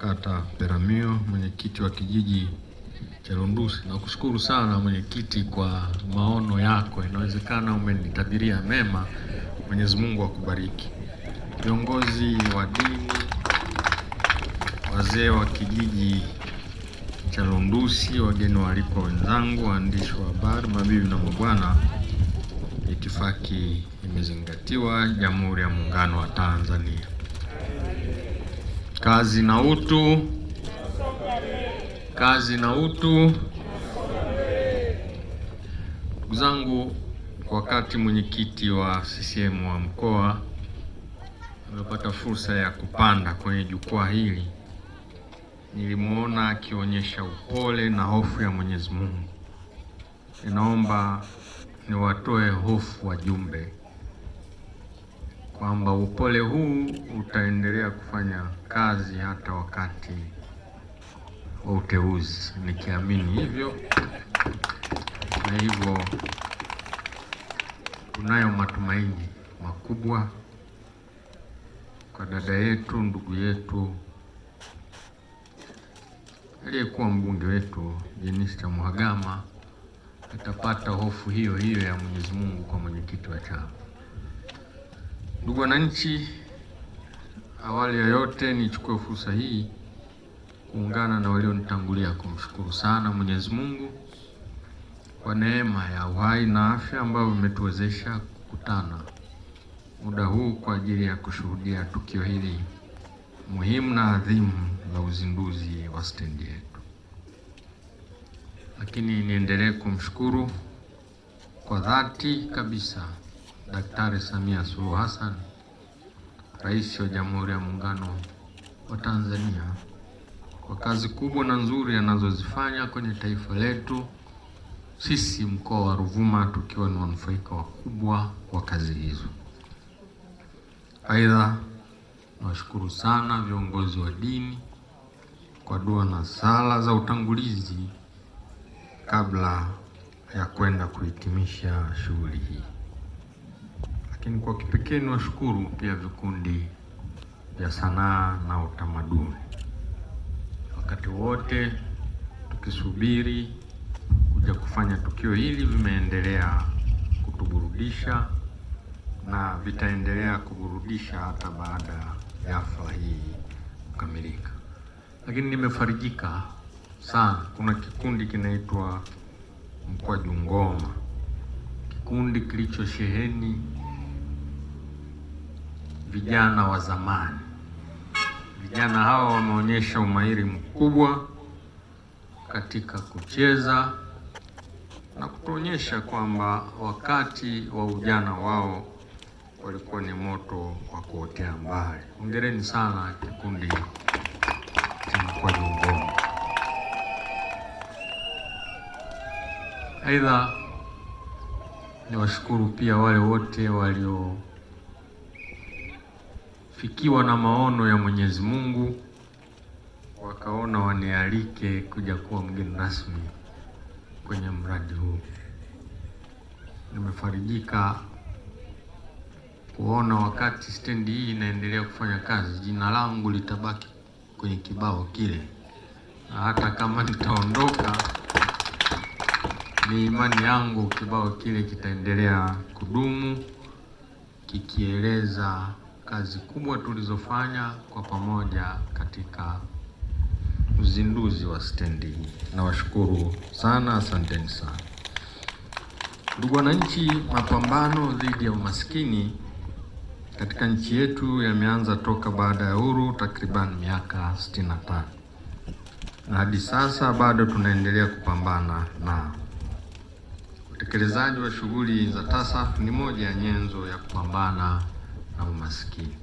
kata Peramiho, mwenyekiti wa kijiji cha Lundusi, nakushukuru sana mwenyekiti kwa maono yako. Inawezekana umenitabiria mema. Mwenyezi Mungu akubariki. Viongozi wa dini, wazee wa kijiji cha Lundusi, wageni waalikwa, wenzangu, waandishi wa habari, mabibi na mabwana, itifaki imezingatiwa. Jamhuri ya Muungano wa Tanzania. Kazi na utu, kazi na utu. Ndugu zangu, wakati mwenyekiti wa CCM wa mkoa amepata fursa ya kupanda kwenye jukwaa hili, nilimwona akionyesha upole na hofu ya Mwenyezi Mungu. Ninaomba niwatoe hofu wajumbe kwamba upole huu utaendelea kufanya kazi hata wakati wa uteuzi, nikiamini hivyo, na hivyo tunayo matumaini makubwa kwa dada yetu, ndugu yetu aliyekuwa mbunge wetu Jenista Mhagama atapata hofu hiyo hiyo ya Mwenyezi Mungu kwa mwenyekiti wa chama. Ndugu wananchi, awali ya yote nichukue fursa hii kuungana na walionitangulia kumshukuru sana Mwenyezi Mungu kwa neema ya uhai na afya ambayo imetuwezesha kukutana muda huu kwa ajili ya kushuhudia tukio hili muhimu na adhimu la uzinduzi wa stendi yetu. Lakini niendelee kumshukuru kwa dhati kabisa Daktari Samia Suluhu Hassan, Rais wa Jamhuri ya Muungano wa Tanzania kwa kazi kubwa na nzuri anazozifanya kwenye taifa letu, sisi mkoa wa Ruvuma tukiwa ni wanufaika wakubwa wa kazi hizo. Aidha, nawashukuru sana viongozi wa dini kwa dua na sala za utangulizi kabla ya kwenda kuhitimisha shughuli hii lakini kwa kipekee ni washukuru pia vikundi vya sanaa na utamaduni, wakati wote tukisubiri kuja kufanya tukio hili vimeendelea kutuburudisha na vitaendelea kuburudisha hata baada ya hafla hii kukamilika. Lakini nimefarijika sana, kuna kikundi kinaitwa Mkwaju Ngoma, kikundi kilichosheheni vijana wa zamani. Vijana hawa wameonyesha umahiri mkubwa katika kucheza na kutuonyesha kwamba wakati wa ujana wao walikuwa ni moto wa kuotea mbali. Hongereni sana kikundi cha Mkwaju Ngoma. Aidha, niwashukuru pia wale wote walio walifikiwa na maono ya Mwenyezi Mungu wakaona wanialike kuja kuwa mgeni rasmi kwenye mradi huu. Nimefarijika kuona wakati stendi hii inaendelea kufanya kazi, jina langu litabaki kwenye kibao kile, na hata kama nitaondoka, ni imani yangu kibao kile kitaendelea kudumu kikieleza kazi kubwa tulizofanya kwa pamoja katika uzinduzi wa stendi hii. Nawashukuru sana, asanteni sana. Ndugu wananchi, mapambano dhidi ya umaskini katika nchi yetu yameanza toka baada ya uhuru takriban miaka 65 na hadi sasa bado tunaendelea kupambana na utekelezaji wa shughuli za TASAF ni moja ya nyenzo ya kupambana na umaskini.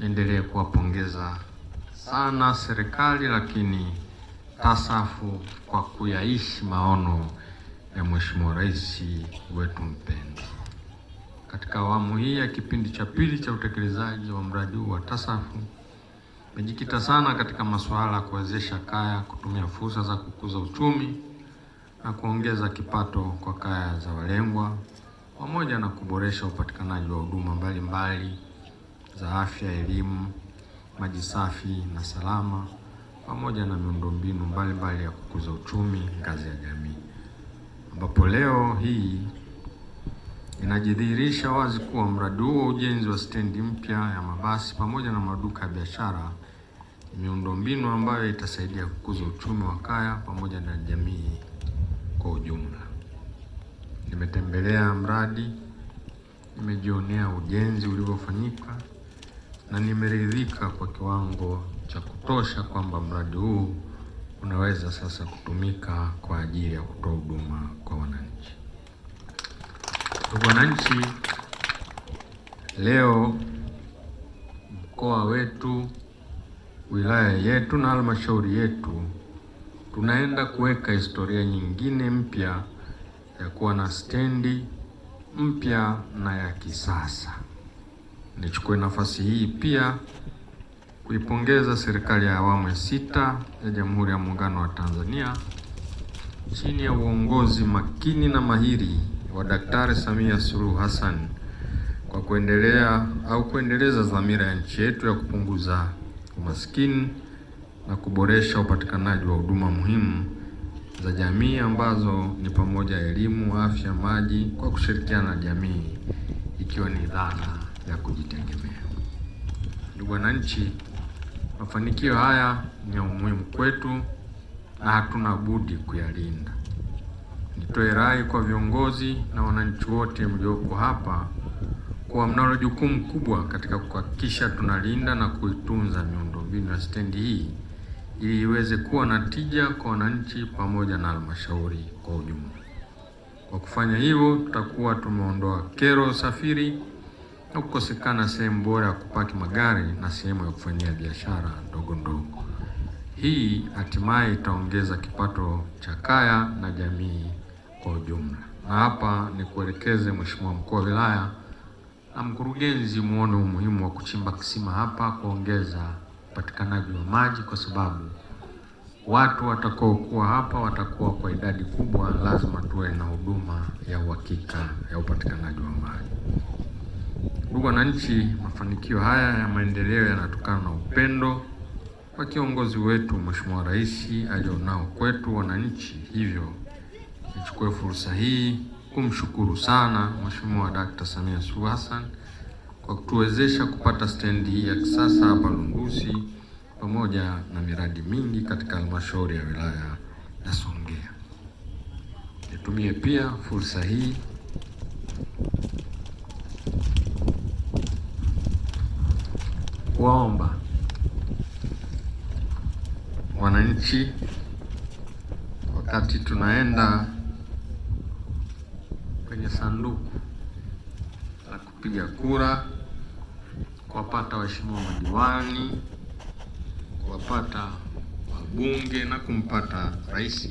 Endelee kuwapongeza sana serikali, lakini tasafu kwa kuyaishi maono ya Mheshimiwa Rais wetu mpendwa. Katika awamu hii ya kipindi cha pili cha utekelezaji wa mradi huu wa tasafu imejikita sana katika masuala ya kuwezesha kaya kutumia fursa za kukuza uchumi na kuongeza kipato kwa kaya za walengwa pamoja na kuboresha upatikanaji wa huduma mbalimbali za afya, elimu, maji safi na salama, pamoja na miundombinu mbalimbali ya kukuza uchumi ngazi ya jamii, ambapo leo hii inajidhihirisha wazi kuwa mradi huo ujenzi wa stendi mpya ya mabasi pamoja na maduka ya biashara, miundombinu ambayo itasaidia kukuza uchumi wa kaya pamoja na jamii kwa ujumla nimetembelea mradi, nimejionea ujenzi ulivyofanyika na nimeridhika kwa kiwango cha kutosha kwamba mradi huu unaweza sasa kutumika kwa ajili ya kutoa huduma kwa wananchi. Ndugu wananchi, leo mkoa wetu, wilaya yetu na halmashauri yetu tunaenda kuweka historia nyingine mpya ya kuwa na stendi mpya na ya kisasa. Nichukue nafasi hii pia kuipongeza serikali ya awamu ya sita ya Jamhuri ya Muungano wa Tanzania chini ya uongozi makini na mahiri wa Daktari Samia Suluhu Hassan kwa kuendelea au kuendeleza dhamira ya nchi yetu ya kupunguza umaskini na kuboresha upatikanaji wa huduma muhimu za jamii ambazo ni pamoja elimu, afya, maji kwa kushirikiana na jamii ikiwa ni dhana ya kujitegemea. Ndugu wananchi, mafanikio haya ni ya umuhimu kwetu na hatuna budi kuyalinda. Nitoe rai kwa viongozi na wananchi wote mliopo hapa kuwa mnalo jukumu kubwa katika kuhakikisha tunalinda na kuitunza miundombinu ya stendi hii ili iweze kuwa na tija kwa wananchi pamoja na halmashauri kwa ujumla. Kwa kufanya hivyo, tutakuwa tumeondoa kero usafiri na kukosekana sehemu bora ya kupaki magari na sehemu ya kufanyia biashara ndogo ndogo. Hii hatimaye itaongeza kipato cha kaya na jamii kwa ujumla. Na hapa ni kuelekeze Mheshimiwa Mkuu wa Wilaya na Mkurugenzi muone umuhimu wa kuchimba kisima hapa kuongeza upatikanaji wa maji, kwa sababu watu watakaokuwa hapa watakuwa kwa idadi kubwa, lazima tuwe na huduma ya uhakika ya upatikanaji wa maji. Ndugu wananchi, mafanikio haya ya maendeleo yanatokana na upendo kwa kiongozi wetu Mheshimiwa Rais alionao kwetu wananchi. Hivyo nichukue fursa hii kumshukuru sana Mheshimiwa Dkt. Samia Suluhu Hassan kwa kutuwezesha kupata stendi hii ya kisasa hapa Lundusi pamoja na miradi mingi katika halmashauri ya wilaya ya Songea. Nitumie pia fursa hii kuwaomba wananchi wakati tunaenda kwenye sanduku la kupiga kura kuwapata waheshimiwa madiwani, kuwapata wabunge na kumpata rais